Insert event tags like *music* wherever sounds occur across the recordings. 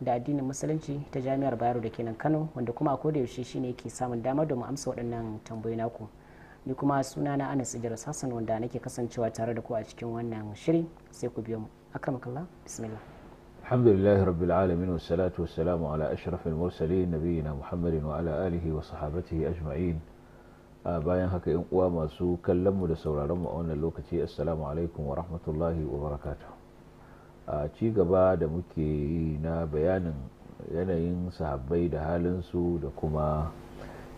da addinin musulunci ta jami'ar bayero da kenan kano wanda kuma a kodayaushe shine yake samun damar da mu amsa waɗannan tambayoyi naku ni kuma suna na anas idris hassan wanda nake kasancewa tare da ku a cikin wannan shiri sai ku biyo mu akramakallah bismillah alhamdulillah rabbil alamin wassalatu wassalamu ala ashrafil mursalin nabiyina muhammadin wa ala alihi wa sahabatihi ajma'in bayan haka yan uwa masu kallon mu da sauraron mu a wannan lokaci assalamu alaikum wa rahmatullahi wa barakatuh a ci gaba da muke yi na bayanin yanayin sahabbai da halinsu da kuma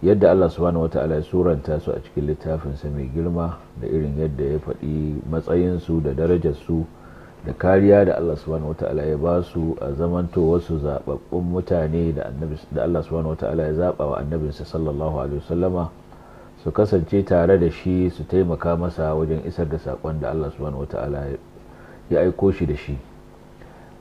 yadda Allah subhanahu wata'ala ya suranta su a cikin littafinsa mai girma da irin yadda ya faɗi matsayinsu da darajarsu da kariya da Allah subhanahu wata'ala ya ba su a zamanto wasu zaɓaɓɓun mutane da Allah subhanahu wata'ala ya zaɓa wa annabinsa sallallahu alaihi wasallama su kasance tare da shi su taimaka masa wajen isar da saƙon da Allah subhanahu wata'ala ya aiko shi da shi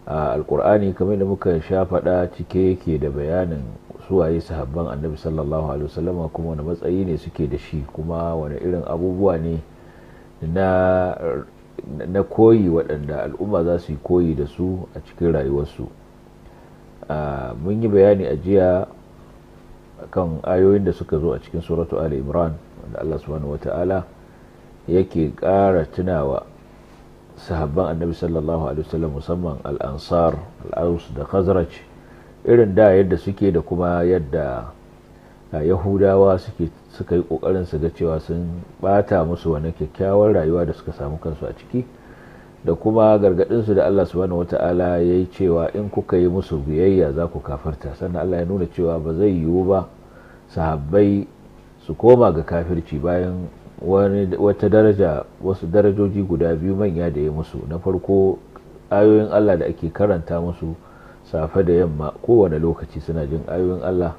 alkur'ani kamar da muka sha faɗa cike yake da bayanin suwaye sahabban annabi sallallahu alaihi wasallam kuma wani matsayi ne suke da shi kuma wani irin abubuwa ne na na koyi waɗanda al'umma za su yi koyi da su a cikin rayuwarsu mun yi bayani a jiya kan ayoyin da suka zo a cikin suratu ali imran wanda allah subhanahu wata'ala yake ƙara tunawa sahabban annabi sallallahu alaihi wasallam musamman al-ansar al-aus da khazraj irin da yadda suke da kuma yadda yahudawa suke suka yi kokarin su ga cewa sun bata musu wani kyakkyawar rayuwa da suka samu kansu a ciki da kuma gargadin su da Allah subhanahu wataala yayi cewa in kuka yi musu biyayya za ku kafarta sannan Allah ya nuna cewa ba zai yiwu ba sahabbai su koma ga kafirci bayan wata daraja wasu darajoji guda biyu manya da ya musu na farko ayoyin Allah da ake karanta musu safe da yamma kowane lokaci suna jin ayoyin Allah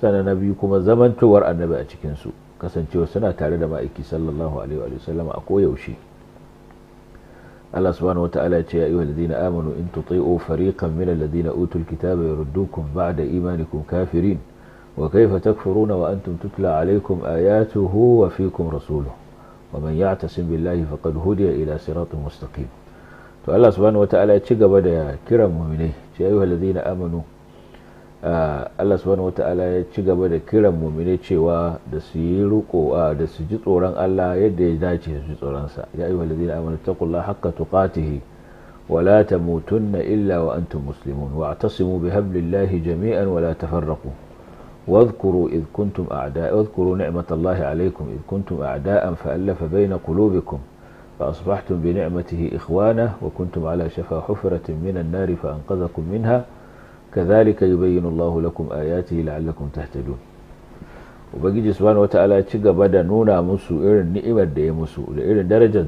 sannan na biyu kuma zamantowar annabi a cikinsu kasancewa suna tare da ma'aiki sallallahu alaihi wa sallam a koyaushe Allah subhanahu wata'ala ya ce ya ayyuhal ladina amanu in tuti'u fariqan min alladhina utul kitaba yurdukum ba'da imanikum kafirin وكيف تكفرون وأنتم تتلى عليكم آياته وفيكم رسوله ومن يعتصم بالله فقد هدي إلى صراط مستقيم to Allah subhanahu wataala ya ci gaba da kiran muminai ce ayyuhal ladina amanu Allah subhanahu wataala ya ci gaba da kiran muminai cewa da su yi riko da su ji tsoron Allah yadda ya dace su ji tsoron sa ya ayyuhal ladina amanu taqullaha haqqa tuqatihi wa la tamutunna illa wa antum muslimun watasimu atasimu bihablillahi jami'an wa la tafarraqu واذكروا إذ كنتم أعداء واذكروا نعمة الله عليكم إذ كنتم أعداء فألف بين قلوبكم فأصبحتم بنعمته إخوانا وكنتم على شفا حفرة من النار فأنقذكم منها كذلك يبين الله لكم آياته لعلكم تهتدون Ubangiji subhanahu wata'ala ya ci gaba da nuna musu irin ni'imar da ya musu da irin darajar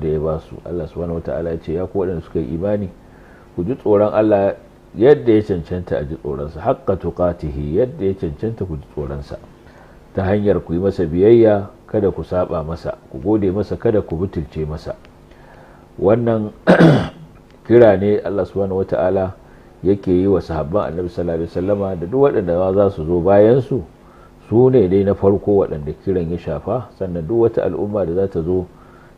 da ya ba su Allah subhanahu wata'ala ya ce ya ku waɗanda suka yi imani ku ji tsoron Allah yadda ya cancanta a ji tsoronsa haƙƙa tuƙatihi yadda ya cancanta ku ji tsoronsa ta hanyar ku yi masa biyayya kada ku saba masa ku gode masa kada ku butulce masa wannan *clears throat* kira ne Allah subhanahu wata'ala yake yi wa sahabban annabi sallallahu alaihi wasallama da duk waɗanda za su zo bayansu su su ne dai na farko waɗanda kiran ya shafa sannan duk wata al'umma da za ta zo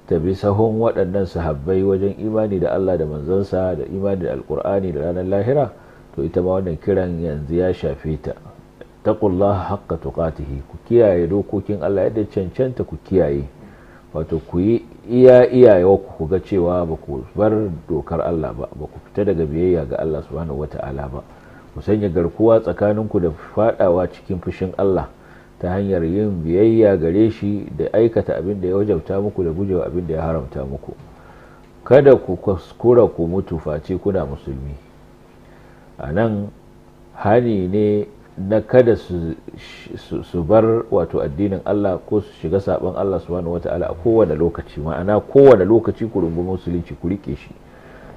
ta bi sahun waɗannan sahabbai wajen imani da Allah da manzansa da imani da alƙur'ani da ranar lahira to ita ma wannan kiran yanzu ya shafe ta ƙulla haqqa tuqatihi ku kiyaye dokokin Allah yadda cancanta ku kiyaye wato ku yi iya iyayewa ku ga cewa ba ku bar dokar Allah ba ba ku fita daga biyayya ga Allah subhanahu wata'ala ba ku sanya garkuwa tsakaninku da fadawa cikin fushin Allah ta hanyar yin biyayya gare shi da aikata abin da ya wajabta muku da gujewa abin da ya haramta muku kada ku kuskura ku mutu face kuna musulmi a nan hani ne na kada su bar wato addinin Allah ko su shiga saban Allah subhanahu ala a kowane lokaci ma'ana kowane lokaci ku rungu musulunci ku rike shi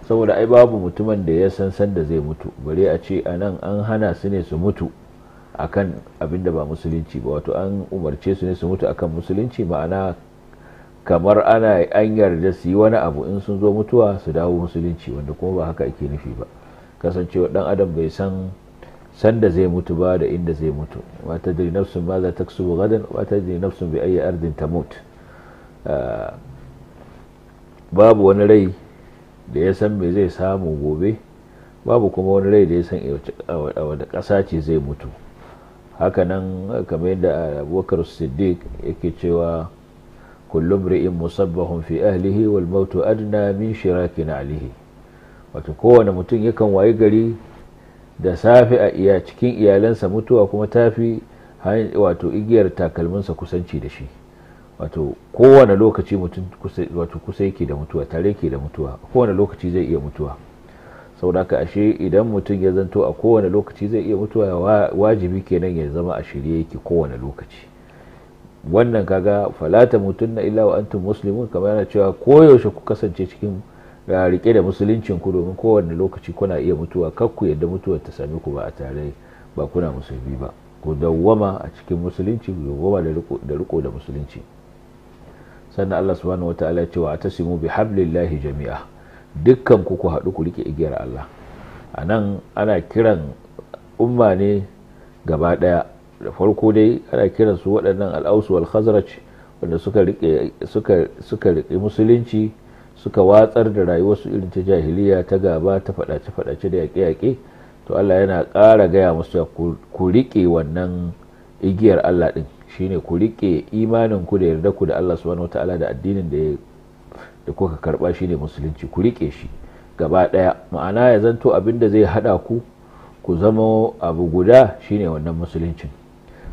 saboda ai babu mutumin da ya san sanda zai mutu bare a ce a nan an hana su ne su mutu akan abin da ba musulunci ba wato an umarce su ne su mutu akan musulunci ma'ana kamar ana an yarda su yi wani abu in sun zo mutuwa su dawo musulunci wanda kuma ba haka ake nufi ba kasancewa dan adam bai san sanda zai mutu ba da inda zai mutu wata ta nafsun ba za ta su gadan ba wata nafsun bai ayyar ardin ta mut ah, babu wani rai da ya san me zai samu gobe babu kuma wani rai da ya san a wadda ƙasa ce zai mutu hakanan kamar yadda abubakar siddiq yake cewa kullum ri'in musabbahun fi ahlihi wal mautu adna min shiraki na alihi wato kowane mutum yakan wayi gari da safe a iya cikin iyalansa mutuwa kuma tafi wato igiyar takalminsa kusanci da shi wato kowane lokaci mutum kusa yake da mutuwa tare yake da mutuwa kowane lokaci zai iya mutuwa saboda ka ashe idan mutum ya zanto a kowane lokaci zai iya mutuwa wajibi kenan ya zama a shirye yake kowane lokaci wannan kaga falata mutum na illa wa antum muslimun kamar yana cewa koyaushe ku kasance cikin ah, rike da musuluncin ku domin kowane lokaci kuna iya mutuwa kar ku yadda mutuwar ta sami ku ba a tare ba kuna musulmi ba ku dawwama a cikin musulunci ku dawwama da riko da musulunci sannan Allah subhanahu wataala ya ce wa atasimu bihablillahi jami'a dukkan ku ku haɗu ku rike igiyar Allah a nan ana kiran umma ne gaba ɗaya da farko dai ana kiran su waɗannan al'ausu wal khazraj wanda suka rike suka suka rike musulunci suka watsar da rayuwar su irin ta jahiliya ta gaba ta faɗace faɗace da yaƙe-yaƙe to Allah yana ƙara gaya musu ku rike wannan igiyar Allah din shine ku rike imanin ku da yarda ku da Allah subhanahu wataala da addinin da ya da kuka karba shine musulunci ku rike shi gaba daya ma'ana ya zanto abin da zai hada ku ku zama abu guda shine wannan musulunci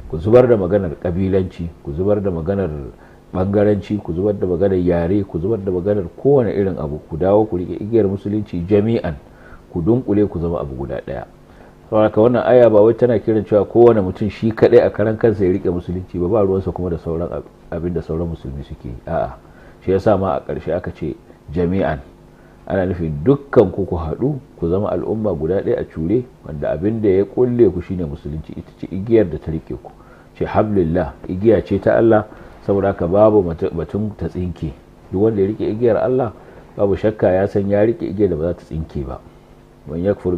ku zubar da maganar kabilanci ku zubar da maganar bangaranci ku zubar da maganar yare ku zubar da maganar kowane irin abu ku dawo ku rike igiyar musulunci jami'an ku dunkule ku zama abu guda daya saboda wannan aya ba wai tana kiran cewa kowane mutum shi kadai a karan kansa ya rike musulunci ba ba ruwansa kuma da sauran abin da sauran musulmi suke a'a shi yasa ma a ƙarshe aka ce jami'an ana nufin dukkan ku ku haɗu ku zama al'umma guda ɗaya a cure wanda abin da ya ƙulle ku shine musulunci ita ce igiyar da ta rike ku ce hablillah igiya ce ta Allah saboda haka babu batun ta tsinke duk wanda ya rike igiyar Allah babu shakka ya san ya rike igiyar da ba za ta tsinke ba man yakfur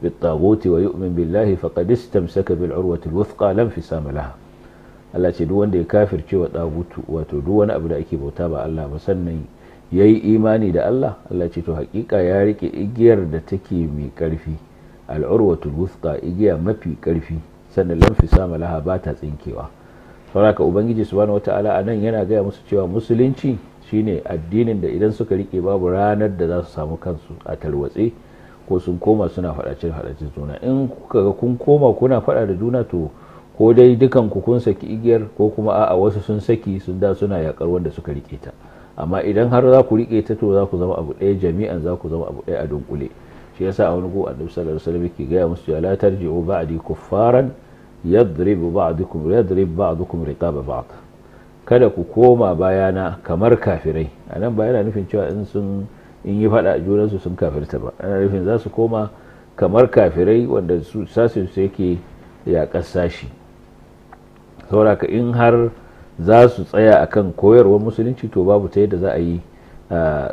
bit taguti wa yu'min billahi faqad istamsaka bil urwati al wuthqa lam fisama laha Allah ce duk wanda ya kafirce wa dagutu wato duk wani abu da ake bauta ba Allah ba sannan yayi imani da Allah Allah ce to hakika ya rike igiyar da take mai karfi al'urwatul wuthqa igiya mafi karfi sannan lamfi sama laha ba ta tsinkewa saboda ubangiji subhanahu wataala anan yana gaya musu cewa musulunci shine addinin da idan suka rike babu ranar da za su samu kansu a tarwatse ko sun koma suna faɗace faɗace juna in kuka ga kun koma kuna faɗa da juna to ko dai dukan ku kun saki igiyar ko kuma a'a wasu sun saki sun da suna yakar wanda suka rike ta amma idan har za ku rike ta to za ku zama abu ɗaya jami'an za ku zama abu ɗaya a dunkule shi yasa a wani gobe annabi sallallahu alaihi wasallam ke gaya musu ya la tarji'u ba'di kuffaran yadrib ba'dukum yadrib ba'dukum riqaba ba'd kada ku koma bayana kamar kafirai anan ba yana nufin cewa in sun in yi faɗa junansu sun kafirta ba ana nufin za su koma kamar kafirai wanda su sasin su yake yaƙar sashi sauraka in har za su tsaya akan koyarwar musulunci to babu ta yadda za a yi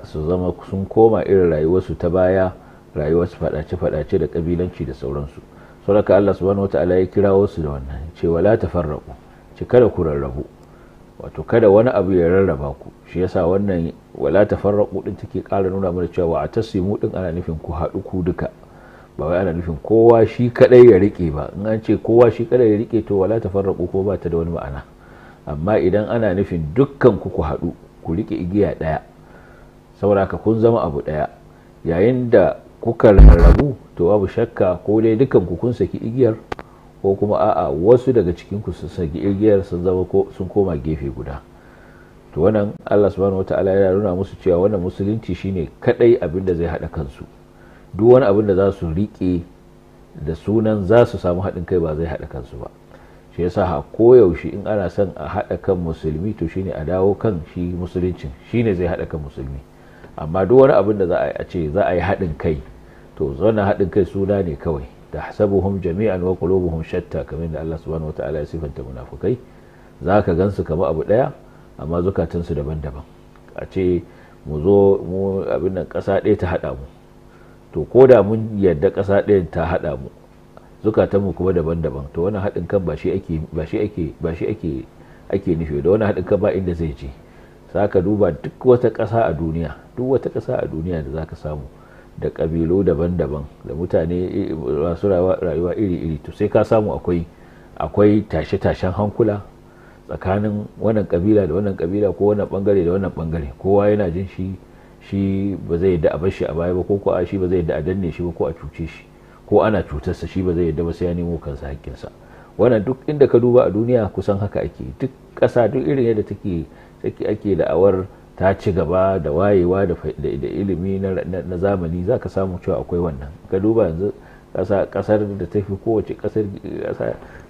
su zama sun koma irin rayuwarsu ta baya rayuwarsu fadace-fadace da kabilanci da sauransu saboda Allah wata ala ya kirawo su da wannan ce wala tafarraqu ce kada ku rarrabu wato kada wani abu ya rarraba ku shi yasa wannan wala tafarraqu din take ƙara nuna mana cewa a tasimu din ana nufin ku haɗu ku duka ba wai ana nufin kowa shi kadai ya rike ba in an ce kowa shi kadai ya rike to wala tafarraqu ko ba ta da wani ma'ana amma idan ana nufin dukkan ku ku hadu ku rike igiya ɗaya saboda kun zama abu daya yayin da kuka rarrabu to babu shakka ko dai dukkan ku kun saki igiyar ko kuma a'a wasu daga cikin ku sun saki igiyar sun zama ko sun koma gefe guda to wannan Allah subhanahu wataala ya nuna musu cewa wannan musulunci shine kadai abin da zai hada kansu duk wani abin da za su riƙe da sunan za su samu haɗin kai ba zai haɗa kansu ba shi yasa ha koyaushe in ana son a haɗa kan musulmi to shine a dawo kan shi musuluncin shine zai haɗa kan musulmi amma duk wani abin da za a ce za a yi haɗin kai to zauna haɗin kai suna ne kawai da sabuhun jami'an wa qulubuhum shatta kamar da Allah subhanahu wataala ya sifanta munafukai zaka gansu kamar abu daya amma zukatansu daban-daban a ce mu zo mu abin nan ƙasa ɗaya ta haɗa mu to ko da mun yadda ƙasa ɗaya ta haɗa mu mu kuma daban-daban to wani haɗin kan ba shi ake ba shi ake ake nufi da wani haɗin kan ba inda zai je ka duba duk wata ƙasa a duniya duk wata ƙasa a duniya da zaka samu da ƙabilu daban-daban da mutane masu rayuwa iri-iri to sai ka samu akwai akwai tashe-tashen hankula tsakanin wannan kabila da wannan kabila ko wannan bangare da wannan bangare kowa yana jin shi shi ba zai yadda a bar shi a baya ba ko ko shi ba zai yadda a danne shi ba ko a cuce shi ko ana cutarsa shi ba zai yadda ba sai ya nemo kansa haƙƙinsa wannan duk inda ka duba a duniya kusan haka ake duk ƙasa duk irin yadda take take ake da'awar ta ci gaba da wayewa da ilimi na zamani za ka samu cewa akwai wannan ka duba yanzu kasar da ta fi kowace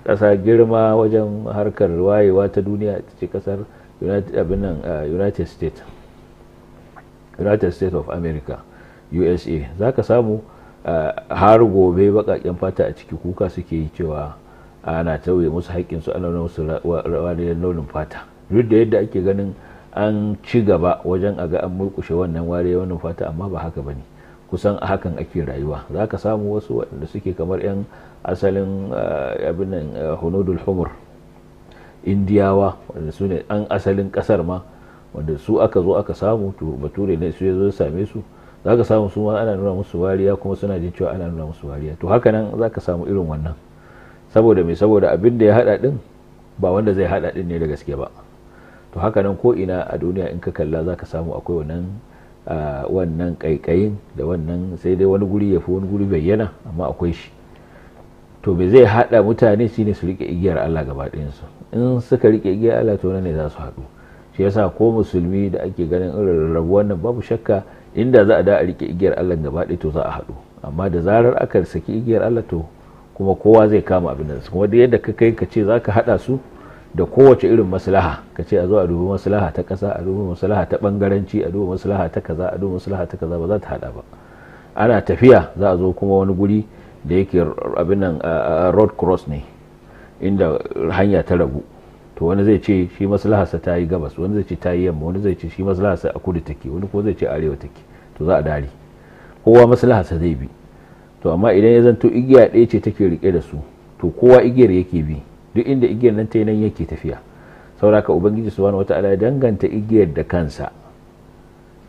kasa girma wajen harkar wayewa ta duniya ta ce kasar ah, united states united states of america usa za ka samu har gobe baƙaƙen fata a ciki kuka suke yi cewa ana tauye musu haƙƙinsu ana nuna musu rawanin launin fata duk da yadda ake ganin an ci gaba wajen a ga an murkushe wannan wariyar wannan fata amma ba haka bane kusan a hakan ake rayuwa za ka samu wasu waɗanda suke kamar 'yan asalin abin nan hunudul humur indiyawa wanda su ne an asalin ƙasar ma wanda su aka zo aka samu to bature ne su ya zo same su za ka samu su ma ana nuna musu wariya kuma suna jin cewa ana nuna musu wariya to haka nan za ka samu irin wannan saboda mai saboda abin da ya haɗa ɗin ba wanda zai haɗa ɗin ne da gaske ba to haka nan ko ina a duniya in ka kalla za ka samu akwai wannan wannan ƙaiƙayin da wannan sai dai wani guri ya fi wani guri bayyana amma akwai shi to me zai haɗa mutane shine su riƙe igiyar Allah gaba ɗayansu in suka riƙe igiyar Allah to ne za su haɗu shi yasa ko musulmi da ake ganin irin rabuwan nan babu shakka inda za a da a rike igiyar Allah gaba ɗaya to za a haɗu amma da zarar aka saki igiyar Allah to kuma kowa zai kama abin da kuma da yadda ka kai ka ce za ka haɗa su da kowace irin maslaha ka ce a zo a dubi maslaha ta ƙasa a dubi maslaha ta ɓangaranci a dubi maslaha ta kaza a dubi maslaha ta kaza ba za ta haɗa ba ana tafiya za a zo kuma wani guri da yake abin nan road cross ne inda hanya ta rabu to wani zai ce shi maslaharsa ta yi gabas wani zai ce ta yi yamma wani zai ce shi maslaharsa a kudu take wani kuma zai ce arewa take to za a dare kowa maslaharsa zai bi to amma idan ya zanto igiya ɗaya ce take rike da su to kowa igiyar yake bi duk inda igiyar nan ta nan yake tafiya sauraka ubangiji subhanahu wata'ala ya danganta igiyar da kansa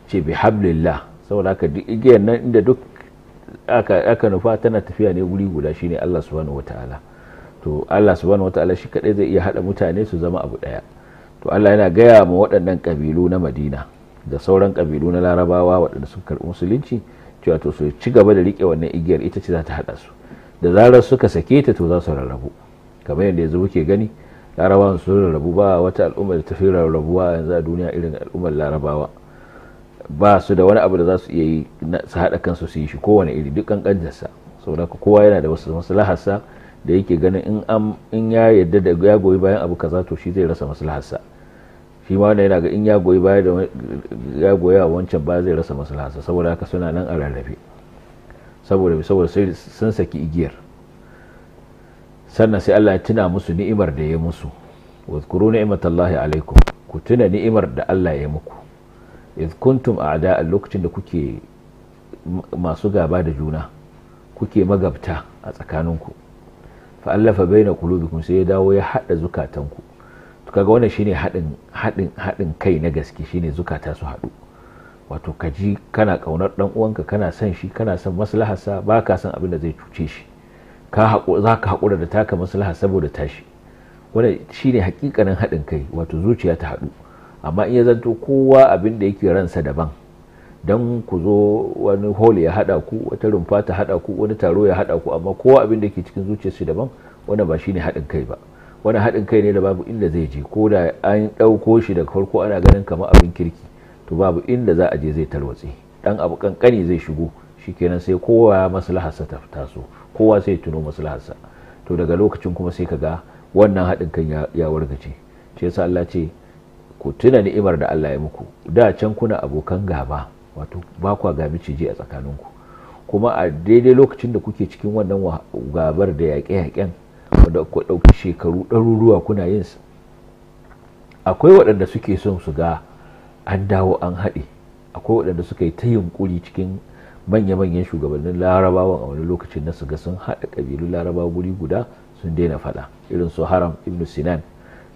ce bi hablillah sauraka duk igiyar nan inda duk aka nufa tana tafiya ne wuri guda shine Allah subhanahu wata'ala to Allah subhanahu wataala shi kadai zai iya hada mutane su zama abu daya to Allah yana gaya ma waɗannan kabilu na Madina da sauran kabilu na Larabawa waɗanda suka karɓi musulunci cewa to su ci gaba da rike wannan igiyar ita ce za ta hada su da zarar suka sake ta to za su rarrabu kamar yadda yanzu muke gani larabawan sun rarrabu ba wata al'umma da ta fi rarrabuwa yanzu a duniya irin al'ummar larabawa ba su da wani abu da za su iya yi su haɗa kansu su yi shi kowane iri duk ƙanƙantarsa saboda kowa yana da wasu maslaharsa da yake ganin in am in ya yadda da ya goyi bayan abu kaza to shi zai rasa maslaharsa shi ma wannan yana ga in ya goyi baya da ya goya wancan ba zai rasa maslaharsa saboda haka suna nan a rarrafe saboda saboda sai sun saki igiyar sannan sai Allah ya tuna musu ni'imar da ya musu wadhkuru ni'matallahi alaikum ku tuna ni'imar da Allah ya yi muku idh kuntum a lokacin da kuke masu gaba da juna kuke magabta a tsakaninku fa allafa baina qulubikum sai ya dawo ya hada zukatanku to kaga wannan shine hadin hadin hadin kai na gaske shine zukata su hadu wato kaji kana kaunar dan uwanka kana son shi kana son maslaharsa baka san abin da zai cuce shi ka haƙo za ka haƙura da taka maslaha saboda tashi wannan shine hakikanin hadin kai wato zuciya ta hadu amma in ya zanto kowa abin da yake ransa daban don ku zo wani hole ya hada ku wata rumfa ta hada ku wani taro ya hada ku amma kowa abin da ke cikin zuciyarsu daban wanda ba shine haɗin kai ba wani haɗin kai ne da babu inda zai je ko da an ɗauko shi daga farko ana ganin kamar abin kirki to babu inda za a je zai tarwatse dan abu kankani zai shigo shikenan sai kowa maslaharsa ta taso kowa sai ya tuno maslaharsa to daga lokacin kuma sai ka ga wannan haɗin kan ya wargaje shi yasa Allah ce ku tuna ni'imar da Allah ya muku da can kuna abokan gaba wato ba kwa ga miciji a tsakaninku kuma a daidai lokacin da kuke cikin wannan gabar da yaƙe-yaƙen wanda ku ɗauki shekaru ɗaruruwa kuna yin su akwai waɗanda suke son su ga an dawo an haɗe akwai waɗanda suka yi ta yunƙuri cikin manya-manyan shugabannin larabawa a wani lokacin na su ga sun haɗa ƙabilun larabawa guri guda sun daina faɗa irin su haram ibn sinan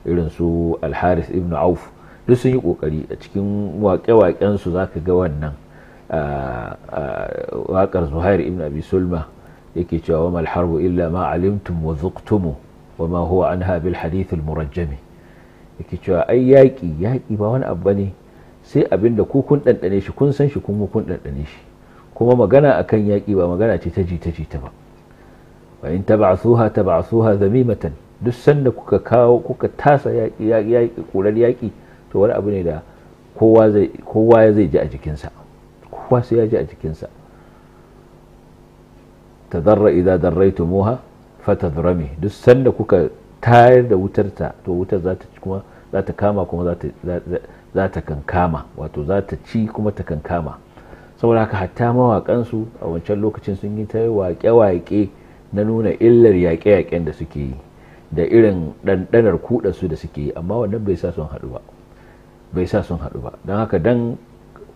irin su alharis ibn auf duk sun yi kokari a cikin waƙe-waƙen su zaka ga wannan waƙar Zuhair ibn Abi Sulma yake cewa wa mal harbu illa ma alimtum wa dhuqtum wa ma huwa anha bil hadith al murajjami yake cewa ai yaƙi yaƙi ba wani abu bane sai abin da ku kun ɗanɗane shi kun san shi kun kun ɗanɗane shi kuma magana akan yaƙi ba magana ce ta jita jita ba wa in tab'athuha tab'athuha zamimatan duk sanda kuka kawo kuka tasa yaƙi yaƙi yaƙi yaƙi to wani abu ne da kowa zai ji a jikinsa kowa sai ya ji a jikinsa tadarra moha fata zurami duk sanda kuka tayar da wutar ta to wutar za ta kuma za ta kama kuma za ta kankama wato za ta ci kuma ta kankama saboda haka hatta mawaƙansu a wancan lokacin sun yi ta waƙe-waƙe na nuna illar yaƙe-yaƙen da suke yi da irin ɗanɗanar kuɗa su da suke yi amma wannan bai sa sun haɗu ba bai sa sun haɗu ba don haka dan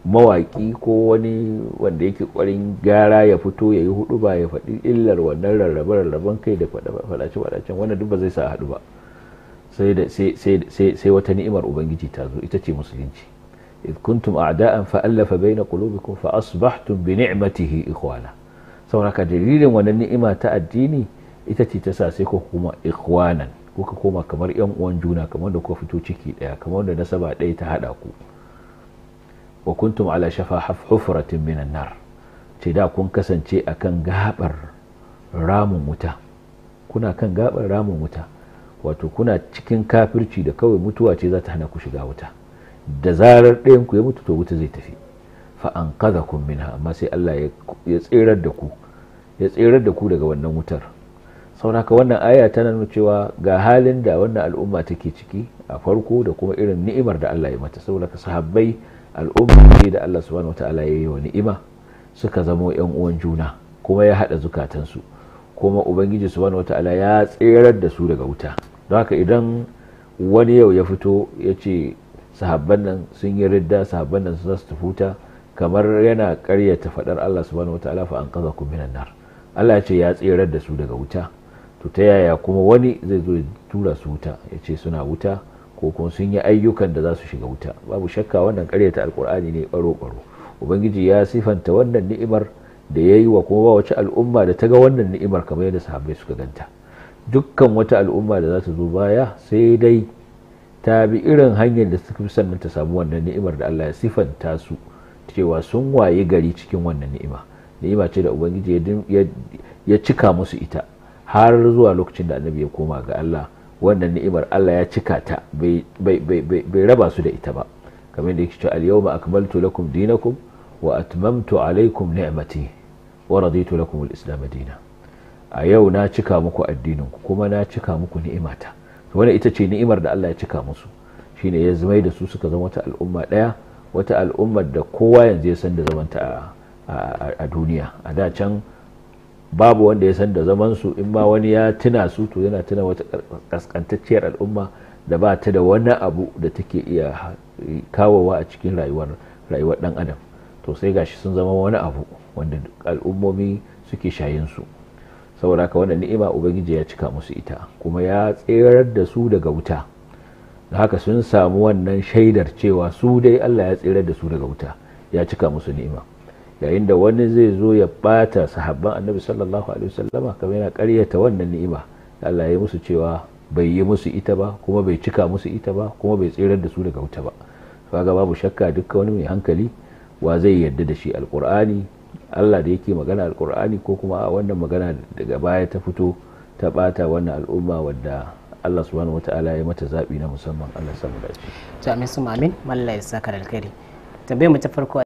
mawaƙi ko wani wanda yake ƙwarin gyara ya fito ya yi hudu ba ya faɗi illar wannan rarrabe-rarraben kai da faɗace-faɗacen wannan duk ba zai sa haɗu ba sai wata ni'imar ubangiji ta zo ita ce musulunci إذ كنتم أعداء فألف بين قلوبكم bi ikwana. إخوانا saboda dalilin wannan ni'ima ta addini ita ce ta sa sai ko kuma ikwanan. kuka koma kamar yan uwan juna kamar da kuka fito ciki daya kamar da nasaba daya ta hada ku wa kuntum ala shafa hufratin minan nar ce da kun kasance akan gabar ramun wuta kuna kan gabar ramun wuta wato kuna cikin kafirci da kawai mutuwa ce za ta hana ku shiga wuta da zarar ɗayan ku ya mutu to wuta zai tafi fa an minha amma sai Allah ya tsirar da ku ya tserar da ku daga wannan wutar saunaka wannan aya tana nuna cewa ga halin da wannan al'umma take ciki a farko da kuma irin ni'imar da Allah ya mata saboda ka sahabbai al'umma ne da Allah subhanahu wataala ya yi wa ni'ima suka zamo yan uwan juna kuma ya hada zukatansu kuma ubangiji subhanahu wataala ya tserar da su daga wuta don haka idan wani yau ya fito ya ce sahabban nan sun yi ridda sahabban nan sun su tafuta kamar yana karyata faɗar Allah subhanahu wataala fa an kaza minan nar Allah ya ce ya tserar da su daga wuta to ta yaya kuma wani zai zo tura su wuta ya ce suna wuta ko kuma sun yi ayyukan da za su shiga wuta babu shakka wannan ta alkur'ani ne baro-baro ubangiji ya sifanta wannan ni'imar da ya yi wa kuma ba wace al'umma da ta ga wannan ni'imar kamar yadda sahabbai suka ganta dukkan wata al'umma da za ta zo baya sai dai ta bi irin hanyar da suka fi sannan ta samu wannan ni'imar da Allah ya sifanta su cewa sun waye gari cikin wannan ni'ima ni'ima ce da ubangiji ya cika musu ita har zuwa lokacin da annabi ya koma ga Allah wannan ni'imar Allah ya cika ta bai raba su da ita ba kamar da yake cewa al-yawma akmaltu lakum dinakum wa atmamtu alaykum ni'mati wa raditu lakum al-islam dinan a yau na cika muku addinin ku kuma na cika muku ni'imata to wannan ita ce ni'imar da Allah ya cika musu shine ya zama da su suka zama wata al'umma daya wata al'ummar da kowa yanzu ya san da zamanta a duniya a da can babu wanda ya san da zaman su in ma wani ya tuna su to yana tuna wata kaskantacciyar al'umma da ba ta da wani abu da take iya eh, kawowa a cikin rayuwar rayuwar dan adam to sai gashi sun zama wani abu wanda al'ummomi suke shayin su saboda haka wannan ni'ima ubangiji ya cika musu ita kuma ya tserar da su daga wuta da haka sun samu wannan shaidar cewa su dai Allah ya tserar da su daga wuta ya cika musu ni'ima yayin da wani zai zo ya bata sahabban annabi sallallahu alaihi wasallama kamar yana karyata wannan ni'ima Allah ya musu cewa bai yi musu ita ba kuma bai cika musu ita ba kuma bai tsirar da su daga wuta ba kaga babu shakka dukkan wani mai hankali wa zai yarda da shi alqur'ani Allah da yake magana alqur'ani ko kuma a wannan magana daga baya ta fito ta bata wannan al'umma wadda Allah subhanahu wataala ya mata zabi na musamman Allah samu dace. su mamin, Allah ya alkhairi. Tambayar mu ta farko